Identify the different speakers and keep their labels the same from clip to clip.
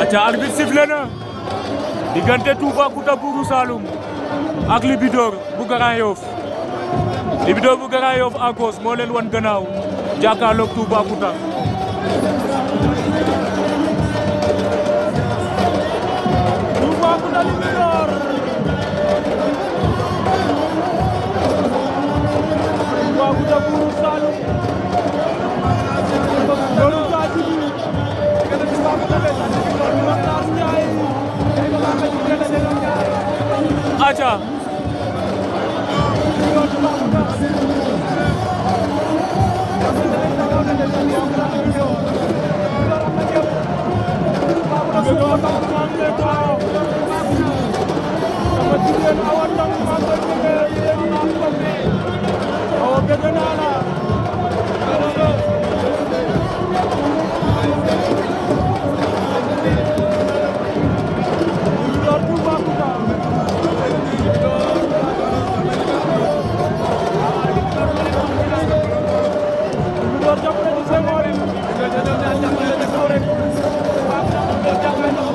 Speaker 1: aca arbitre sifflé na diggante Toubacouta Buuru Saloum ak Libidor bu Grand Yoff Libidor bu Grand Yoff à gauche moo leen wan gannaaw jàkkaarloog Toubacouta Toubacouta aca Awa dang ma ko ni ye ni ma ko ni awa de na la Gracias.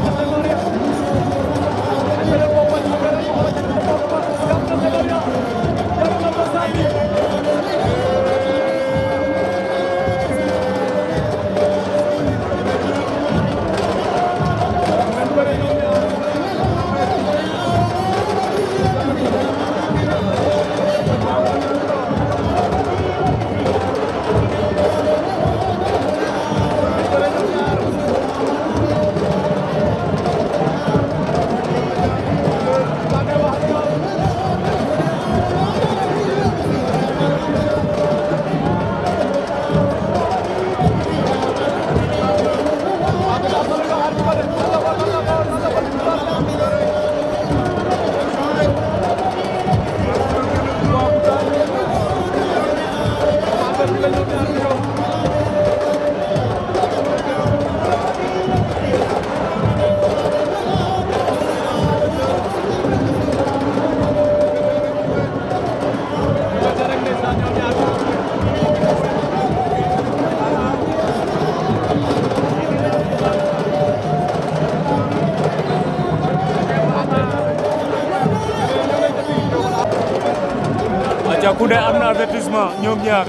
Speaker 1: Diacoundé am na avertissement ñoom ñaar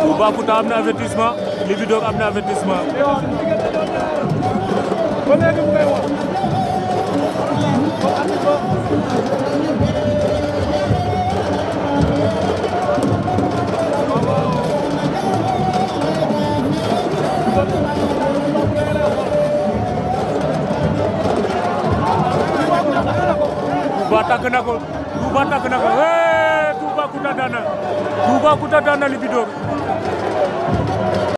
Speaker 1: Toubacouta am na avertissement Libidor am na avertissement Touba takk na ko Touba takk na ko Toubacouta daan na Libidor